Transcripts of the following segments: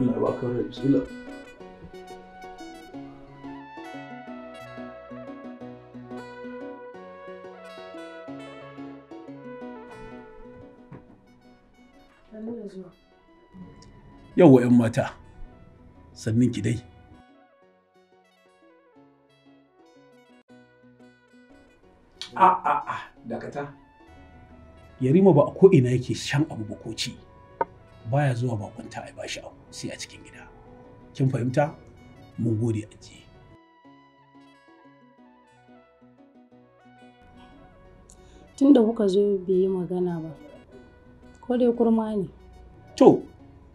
Allah ya baka 'yan mata, sannin ki dai. A dakata. Yarima ba a ko'ina yake shan abu ba ko ci. baya zuwa bakunta a bashi abu sai a cikin gida kin fahimta mun gode ajiye tunda kuka zo bai yi magana ba ko dai kurma ne to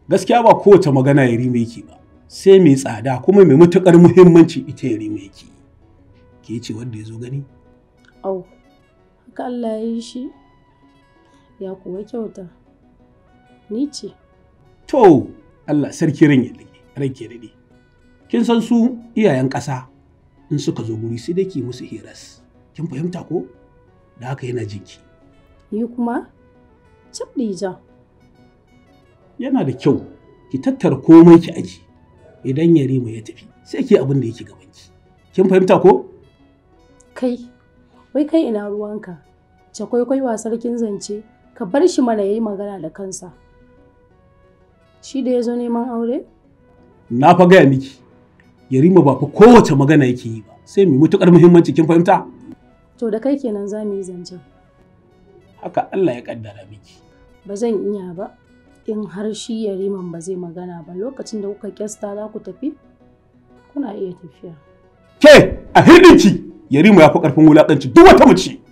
gaskiya ba kowace magana ya rime yake ba sai mai tsada kuma mai matuƙar muhimmanci ita ya rime yake ke ce wanda ya zo gani au haka Allah ya yi shi ya kuwa kyauta ni ce To, Allah sarki ran rai ke daɗi. Kin san su iyayen ƙasa in suka zo guri sai dai ki musu hiras. Kin fahimta ko? Da haka yana jinki. Ni kuma? ja. Yana da kyau ki tattara komai ki aji idan yarima ya tafi sai ke abin da yake gabanki. Kin fahimta ko? Kai, wai kai ina ruwanka. Cakwaikwai wa sarkin zance, ka bar shi mana yayi magana da kansa. Shi da ya zo neman aure? Na fa gaya miki, Yarima ba fa kowace magana yake yi ba, sai mai mutuƙar muhimmanci kin fahimta? To da kai kenan za mu yi zancen. Haka Allah ya kaddara miki. Ba zan iya ba, in har shi Yariman ba zai magana ba lokacin da kuka kyasta za ku tafi, kuna iya tafiya. Ke, a hirɗinki, Yarima ya fi ƙarfin wulaƙanci duk wata mace.